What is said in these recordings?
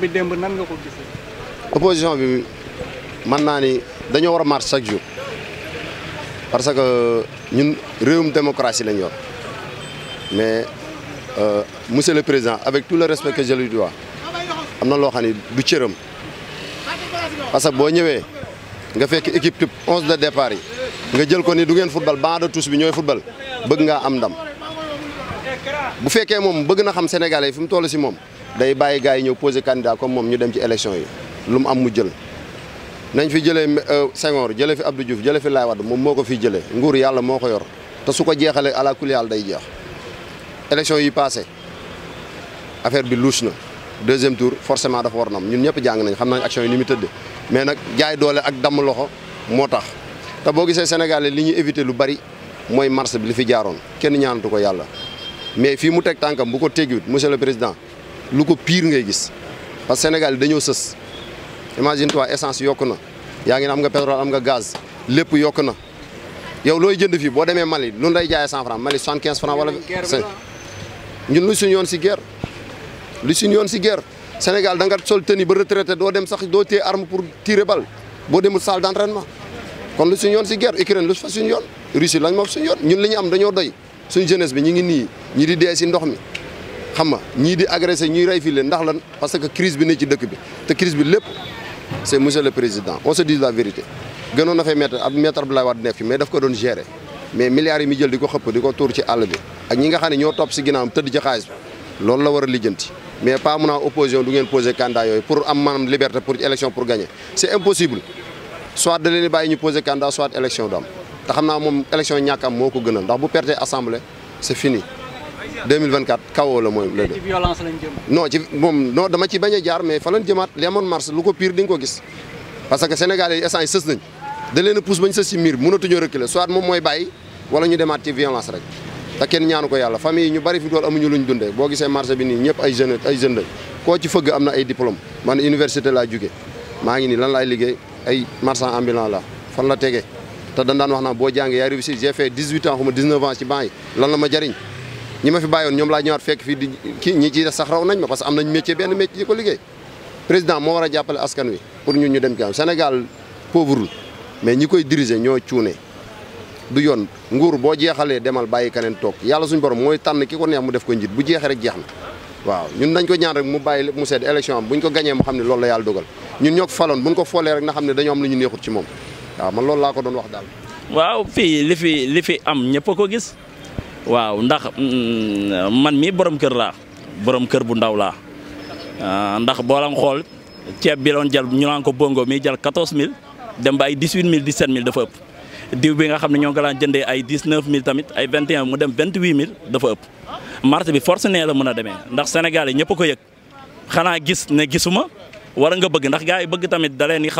bi démb nan nga ko gisee. opposition bi mën naa ni dañoo war a marche chaque jour parce que ñun réewum démocratie lañ yor mais euh, monsieur le président avec tout le respect que je lui dois am na loo xam ne du cëram parce que boo ñëwee nga fekk équipe type onze de départ yi nga jël ko ni du ngeen football banc de tous bi ñooy football bëgg ngaa am ndam bu fekkee moom mu bëgg na xam sénégalais yi fi mu toll si moom. day bàyyi gars yi ñëw posé candidat comme moom ñu dem ci élection yi lu mu am mu jël nañ fi jëlee euh, Senghor jëlee fi Abdou Diouf jëlee fi Laye Wade moom moo ko fi jëlee nguur yàlla moo ko yor te su ko jeexalee ala kulli yàlla day jeex élection yi passé affaire bi louche na deuxième tour forcément dafa war na ñun ñëpp jàng nañ xam nañ action yi ni mu tëdd mais nag jaay doole ak damm loxo moo tax te boo gisee Sénégalais li ñu éviter lu bari mooy marche bi li fi jaaroon kenn ñaanatu ko yàlla mais fii mu teg tànkam bu ko teggiwut monsieur le président lu ko pire ngay gis parce que Sénégal dañoo sës imagine toi essence yokk na yaa ngi ne am nga pétrole am nga gaz lépp yokk na yow looy jënd fii boo demee Mali lu lay jaayee cent franc Mali soixante quinze franc wala ñun lu suñu yoon si guerre lu suñu yoon si guerre Sénégal da nga sol tenue ba retraité doo dem sax doo téye arme pour tirer bal boo saal salle d'entraînement kon lu suñu yoon si guerre Ukraine lu fa yoon Russie lañ ma suñu yoon ñun li ñu am dañoo doy suñu jeunesse bi ñu ngi nii ñi di dee si ndox mi xam nga ñii di agressé ñuy rey fii leen ndax lan parce que crise bi ne ci dëkk bi te crise bi lépp c'est monsieur le président on se dit la vérité gënoon na fay mettre ab maître Abdoulaye Wade nekk fi mais daf ko doon gérer mais milliards yi mi jël di ko xëpp di ko tuur ci àll bi ak ñi nga xam ne ñoo topp si ginnaawam tëdd ci xaalis bi loolu la war a lijjanti mais pas mun a du ngeen posé candidat yooyu pour am maanaam liberté pour élection pour gagner c'est impossible soit da leen di bàyyi ñu posé candidat am te xam naa moom élection ñàkk ko gënal ndax bu perte assemblée c'est fini 2024 kawoo la mooy. la ci violence lañ jëm. non moom non dama ci bañ a jaar mais fa lañ jëmaat li amoon mars lu ko pire di nga ko gis parce que Sénégalais yi instant sës nañ da leen a pousse bañ sës ci miir mënatuñoo reculer soit moom mooy bàyyi wala ñu demaat ci violence rek. te ñaanu ko yàlla famille yi ñu bari fi dool amuñu lu ñu dundee boo gisee marché bi nii ñëpp ay jeunes ay jeunes lañ koo ci fëgg am na ay diplôme man université laa jóge maa ngi nii lan laay liggéey ay marchand ambulant la fan la tegee te dañ daan wax naa boo jàngee yaay réussir j'ai fait jariñ ñi ma fi bàyyoon ñoom laa ñëwaat a jàppale askan ñu dem ci am Sénégal pauvreul ñi koy diriger ñoo cuune du yoon nguur boo jeexalee demal bàyyi keneen toog yàlla suñu borom mooy tànn ki ko neex mu def ko njit bu jeexee rek jeex na waaw ñun dañ ko ñaan mu bàyyi lépp mu sedd élection am bu ko gañee mu xam ne loolu la yàlla dogal ñun ñoo ko faloon bu ñu ko foolee rek ne dañoo am lu ñu neexut ci loolu laa ko doon wax daal waaw fi li fi am ñëpp ko gis waaw ndax mm, man mii borom kër laa borom kër bu ndaw laa ah, ndax boo leen xool ceeb bi doon jal ñu naan ko bongo mi jal 14000 dem ba ay 18000 17000 dafa ëpp. diw bi nga xam ne ñoo ko daan jëndee ay 19000 tamit ay 21 mu dem 28000 dafa ëpp marché bi force nee la mën a demee ndax Sénégal yi ñëpp ko yëg xanaa gis ne gisuma war nga bëgg ndax gars yi bëgg tamit da leen di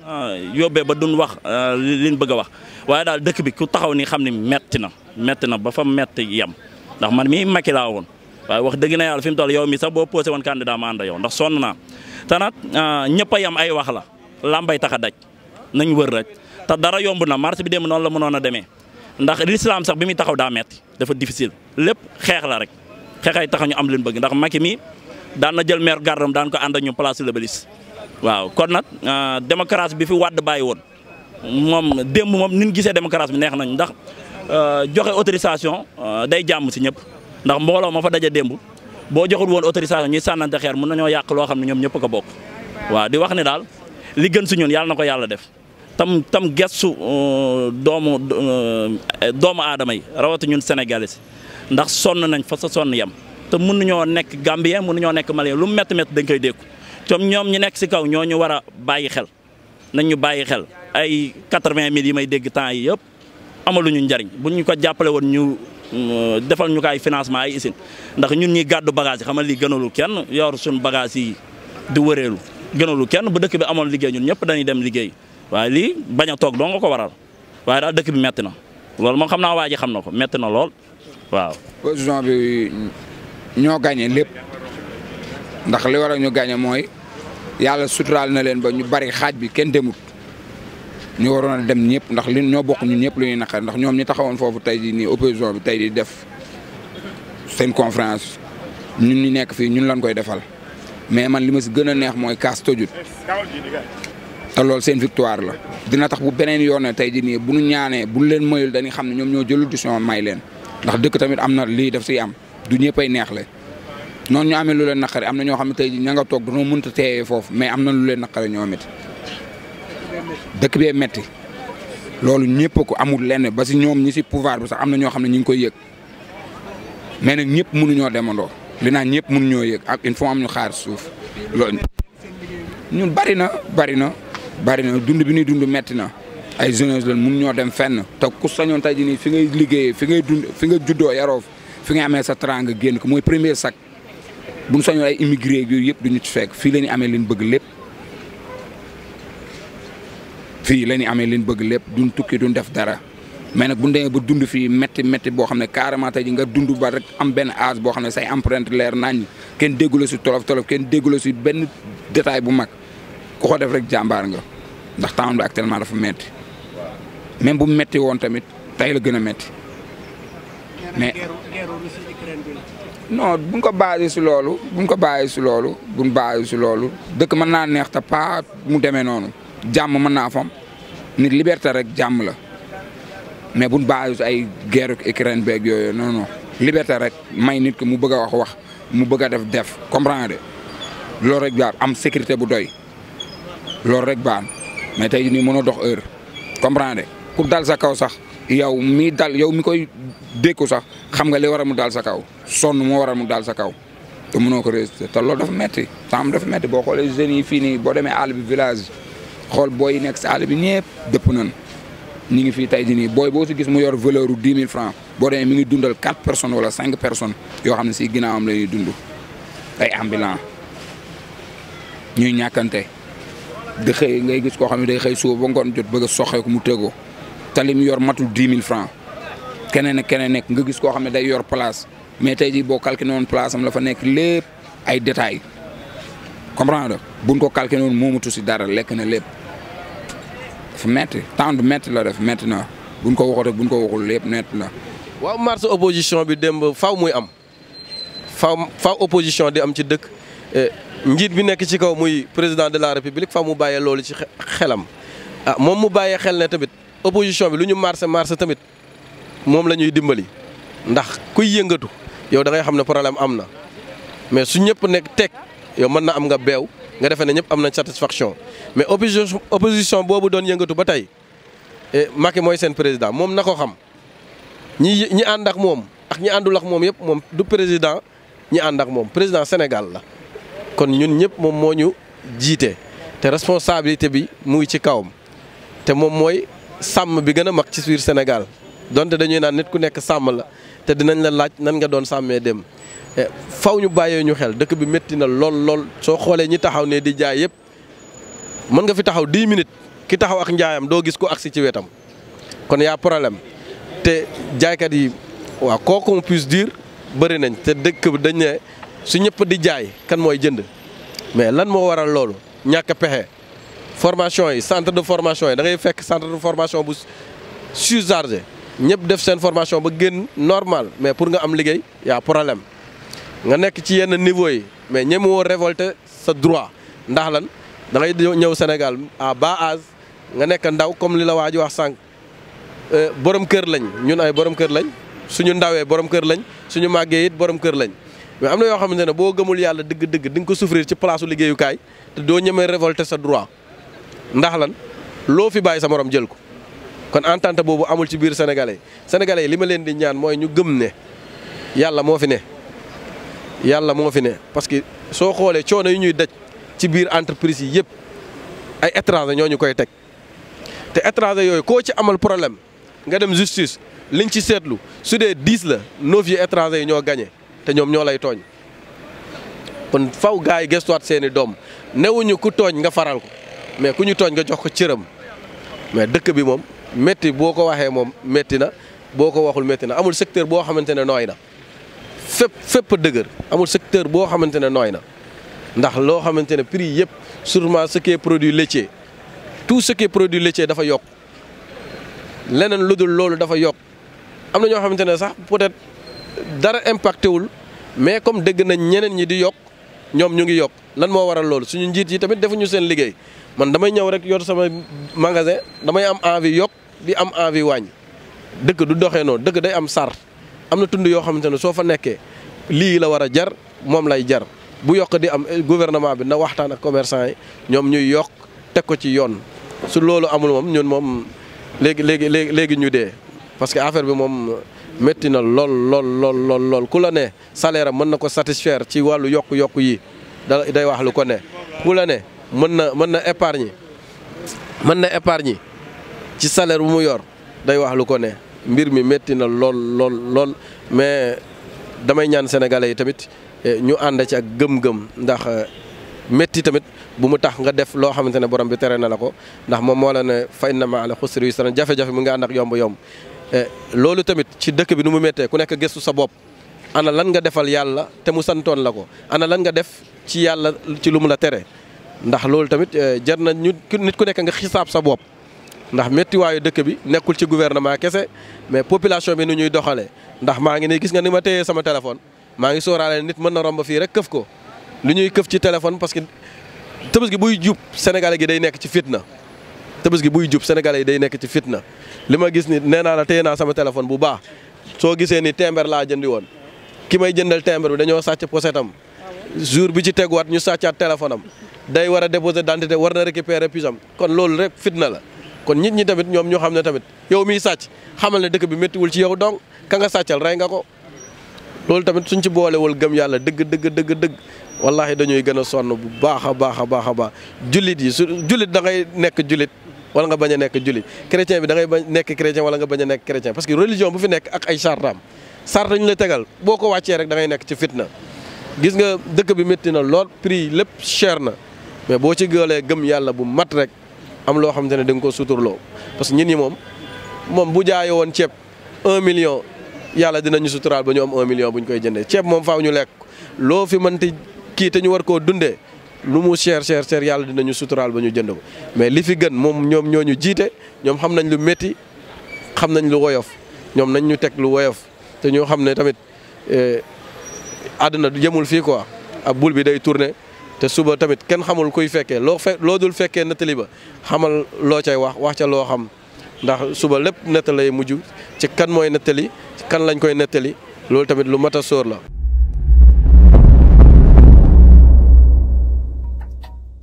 Euh, yóbbee ba duñ wax euh, lin bëgg wax waaye daal dëkk bi ku taxaw ni xam ni metti na metti na ba fa metti yem ndax man mi Macky laa woon waaye wax dëgg na yàlla fi mu toll yow mi sax boo posé woon candidat ma ànd yow ndax sonn naa te nag euh, ñëpp a yem ay wax la lambay tax a daj nañ wër rek te dara yomb na marché bi dem noonu la mënoon a demee ndax l'islam sax bi muy taxaw daa metti dafa difficile lép xeex la rek xeexay tax ñu am leen bëgg ndax Macky mi daan na jël maire gardam daan ko ànd ak ñu waaw kon nag euh, démocratie bi fi wàdd bàyyi woon moom démb moom ni ñu gisee démocratie bi neex nañ ndax euh, joxe autorisation euh, day jàmm si ñëpp ndax mbooloo ma fa daje démb boo joxul woon autorisation ñuy sànnante xeer mun nañoo yàq loo xam ne ñoom ñëpp ko bokk. waaw di wax ne daal li gën su ñun yàlla na ko yàlla def tam tam gestu doomu doomu aadama yi rawati ñun sénégalais ndax sonn nañ fa sa sonn yam te mun mënuñoo nekk gambien mënuñoo nekk malien lu mu métti métti dañ koy dékku. tom ñoom ñu nekk si kaw ñoo ñu war a bàyyi xel nañ ñu bàyyi xel ay quatre-vingt mille yi may dégg temps yi yëpp amaluñu njariñ buñ ñu ko jàppale woon ñu euh, defal ñu ko ay ay usine ndax ñun ñuy gàddu bagage yi xamal li gënalul kenn yor suñu bagage yi di wëreelu gënalul kenn bu dëkk bi amoon liggéey ñun ñëpp dañuy dem liggéey waaye lii bañ a toog doo nga ko waral waaye daal dëkk bi metti na loolu moom xam naa waa ji xam na ko metti na lool waaw. position bi ñoo gagné lépp ndax a mooy. yàlla suturaal na leen ba ñu bari xaaj bi kenn demut ñu waroon a dem ñëpp ndax li ñoo bokk ñun ñëpp lu ñuy naqar ndax ñoom ñi taxawoon foofu tey jii nii opposition bi tey di def seen conférence ñun ñu nekk fii ñun lañ koy defal mais man li ma si gën a neex mooy kaas tojut te loolu seen victoire la. dina tax bu beneen yoon ne tey jii nii bu ñu ñaanee bu leen mayul dañuy xam ne ñoom ñoo jël décision may leen ndax dëkk tamit am na lii def si am du ñëppay neex la noonu ñu amee lu leen naqari am na ñoo xam ne tey ña nga toog dañoo mënut a teewee foofu mais am na lu leen naqari ñoom it dëkk bee metti loolu ñëpp ko amul lenn ba si ñoom ñi si pouvoir bi sax am na ñoo xam ne ñu ngi koy yëg mais nag ñëpp mënuñoo demandoo li naan ñëpp mënuñoo yëg ak il faut am ñu xaar suuf loolu ñun bari na bari na bari na dund bi ñuy dund metti na ay jeunesse lañ ñoo dem fenn te ku sañoon tey jii nii fi ngay liggéeyee fi ngay dund fi nga juddoo yaroo fi nga amee sa trang génn ko mooy premier sac buñ soñoon ay immigré yooyu yëpp duñu ci fekk fii la amee leen bëgg lépp fii la ñu amee leen bëgg lépp duñ tukki duñ def dara mais nag buñ demee ba dund fii métti métti boo xam ne carrément tey ji nga dund ba rek am benn âge boo xam ne say empreinte leer nañ kenn déggula si tolof tolof kenn déggula si benn détail bu mag ku ko def rek jàmbaar nga ndax temps bi actuellement dafa métti même bu métti woon tamit tey la gën a metti mais non buñ ko basé si loolu buñ ko basé si loolu buñ basé si loolu dëkk mën naa neex te pas mu demee noonu jàmm mën naa fam nit liberté rek jàmm la mais bun basé ay guerre Ukraine beeg yooyu non non liberté rek may nit ki mu bëgg a wax wax mu bëgg a def def comprendre loolu rek jaar am sécurité bu doy loolu rek baax mais tey nii mën a dox heure comprender pour dal sa kaw sax. yow mi dal yow mi koy dékku sax xam nga li war a mu dal sa kaw sonn moo waral mu dal sa kaw te mënoo ko résister te loolu dafa metti temps dafa metti boo xoolee jeunes yi fii nii boo demee àll bi village xool booy nekk si àll bi ñëpp dëpp nañ ñu ngi fii tey di nii booy boo si gis mu yor valeur bu dix mille francs boo demee mi ngi dundal quatre personnes wala cinq personnes yoo xam ne si ginnaawam la ñuy dund ay ambulant ñuy ñàkkante di xëy ngay gis koo xam ne day xëy suba ba ngoon jot bëgg a soxeeku mu tegoo talim yor matul dix mille francs keneen ak keneen nekk nga gis koo xam ne day yor place mais tey jii boo calculé woon place am la fa nekk lépp ay détails comprendre buñ ko calculé woon moomatu si dara lekk na lépp fu métti temps bi métti la def métti na buñ ko waxoon buñ ko waxul lép métti na waaw marche opposition bi demb faw muy am faw faw opposition di am ci dëkk eh, njiit bi nekk ci kaw muy président de la république faw mu bàyyee loolu ci xelam ah moom mu bàyyee xel ne tamit. opposition bi lu ñu marché marché tamit moom la ñuy dimbali ndax kuy yëngatu yow da xam ne problème am na mais su ñëpp nekk teg yow mën na am nga beew nga defee ne ñëpp am nañ satisfaction mais opposition opposition boobu doon yëngatu ba tey eh, Macky mooy seen président moom na ko xam ñi ñi ànd ak moom ak ñi àndul ak moom yëpp moom du président ñi ànd ak moom président Sénégal la kon ñun ñëpp moom moo ñu jiite te responsabilité bi muy ci kawam te moom mooy. sàmm bi gën a mag ci biir Sénégal donte dañuy naan nit ku nekk sàmm la te dinañ la laaj nan nga doon sàmmee dem eh, faw ñu bàyyee ñu xel dëkk bi métti na lool lool soo xoolee ñi taxaw ne di jaay yëpp mën nga fi taxaw 10 minutes ki taxaw ak njaayam doo gis ko agsi ci wetam kon yaa problème te jaaykat yi waaw quoi qu'on puisse bëri nañ te dëkk bi dañ ne su ñëpp di jaay kan mooy jënd mais lan moo waral loolu ñàkk pexe. formation yi centre de formation yi dangay fekk centre de formation bu surchargé ñëpp def seen formation ba génn normal mais pour nga am liggéey yaa problème nga nekk ci yenn niveau yi mais ñemu woo sa droit ndax lan da ngay ñëw Sénégal à bas âge nga nekk ndaw comme li la waa ji wax sànq euh, borom kër lañ ñun ay borom kër lañ suñu ndawee borom kër lañ suñu màggee it borom kër lañ mais am na yoo xamante ne boo gëmul yàlla dëgg-dëgg di ko souffrir ci place liggéeyukaay doo ñemee révolter sa droit ndax lan loo fi bàyyi sa morom jël ko kon entente boobu amul ci biir sénégalais sénégalais li ma leen di ñaan mooy ñu gëm ne yàlla moo fi ne yàlla moo fi ne parce que soo xoolee coono yi ñuy daj ci biir entreprise yi yëpp ay étranger ñoo ñu koy teg te étranger yooyu koo ci amal problème nga dem justice liñ ci seetlu su dee dix la neuf yi étranger yi ñoo gañe te ñoom ñoo lay tooñ kon faw gars yi gestuwaat seeni doom newuñu ku tooñ nga faral ko mais ku ñu tooñ nga jox ko cëram mais dëkk bi moom métti boo ko waxee moom métti na boo ko waxul métti na amul secteur boo xamante ne nooy na fépp fépp dëgër amul secteur boo xamante ne nooy na ndax loo xamante ne prix yëpp surtout ce qui produit laitier tout ce qui est produit laitier dafa yokk leneen lu dul loolu dafa yokk am na ñoo xamante ne sax peut-être dara impacté wul mais comme dëgg nañ ñeneen ñi di yokk. ñoom ñu ngi yokk nan moo waral loolu suñu njiit yi tamit defuñu seen liggéey man damay ñëw rek yor samay magasin damay am envie yokk bi am envie wàññi dëkk du doxee noonu dëkk day am sar am na tund yoo xamante ne soo fa nekkee lii la war a jar moom lay jar bu yokk di am eh, gouvernement bi na waxtaan ak commerçant yi ñoom ñuy yokk teg ko ci yoon su loolu amul moom ñun moom léegi léegi léegi ñu dee parce que affaire bi moom. métti na lool lool lool lool ku la ne salaire mën na ko satisfaire ci wàllu yokk-yokk yi da day waxlu ko ne ku la ne mën na mën na épargne mën na épargne ci salaire bu mu yor day waxlu ko ne mbir mi métti na lool lool lool mais damay ñaan sénégalais yi tamit eh, ñu ànd ci ak gëm-gëm ndax eh, metti tamit bu mu tax nga def loo xamante ne borom bi tere na la ko ndax moom moo la ne fa inna ma'al xusri yusran jafe-jafe mu ngi ànd ak yomb-yomb Eh, loolu tamit ci dëkk bi nu mu méttee ku nekk gëstu sa bopp ana lan nga defal yàlla te mu santoon la ko ana lan nga def ci yàlla ci lu mu la tere ndax loolu tamit eh, jar na ñu nit ku nekk nga xisaab sa bopp ndax méttiwaayu dëkk bi nekkul ci gouvernement kese mais population bi nu ñuy doxalee ndax maa ngi ne gis nga ni ma téyee sama téléphone maa ngi sóoraale nit mën na romb fii rek këf ko lu ñuy këf ci téléphone parce que gi buy jub Sénégalais gi day nekk ci fitna tabaski buy jub sénégalais yi day nekk ci fitna li ma gis ni nee naa la téye naa sama téléphone bu baax soo gisee ni timbre laa jëndi woon ki may jëndal timbre bi dañoo sàcc posetam jour bi ci teguwaat ñu sàccaat téléphone am day war a déposer d'identité war na récupérer pisam kon loolu rek fitna la kon nit ñi tamit ñoom ñu xam ne tamit yow miy sàcc xamal na dëkk bi méttiwul ci yaw dong ka nga sàccal rey nga ko loolu tamit suñ ci boolewul gëm yàlla dëgg dëgg dëgg dëgg wallahi dañuy gën a sonn bu baax a baax a baax baax jullit yi su jullit da nekk jullit wala nga bañ a nekk jullit chrétien bi da bañ nekk chrétien wala nga bañ a nekk chrétien parce que religion bu fi nekk ak ay chartaam charta ñu la tegal boo ko wàccee rek da nekk ci fitna gis nga dëkk bi métti na lool prix lépp cher na mais boo ci gëlee gëm yàlla bu mat rek am loo xamante ne da nga ko suturloo parce que ñun ñi moom moom bu jaayoo woon ceeb un million yàlla dinañu suturaal ba ñu am un million bu ñu koy jëndee ceeb moom faw ñu lekk loo fi mënti kii te ñu war koo dundee lu mu cher cher cher yàlla dinañu suturaal ba ñu jënd ko mais li fi gën moom ñoom ñoo ñu jiite ñoom xam nañ lu métti xam nañ lu woyof ñoom nañ ñu teg lu woyof te ñoo xam ne tamit eh, àdduna du jëmul fii quoi ab bul bi day tourner te suba tamit kenn xamul kuy fekkee loo loo dul fekkee nettali ba xamal loo cay wax wax ca loo xam ndax suba lépp nettalay mujj ci kan mooy nettali kan lañ koy nettali loolu tamit lu mat a sóor la.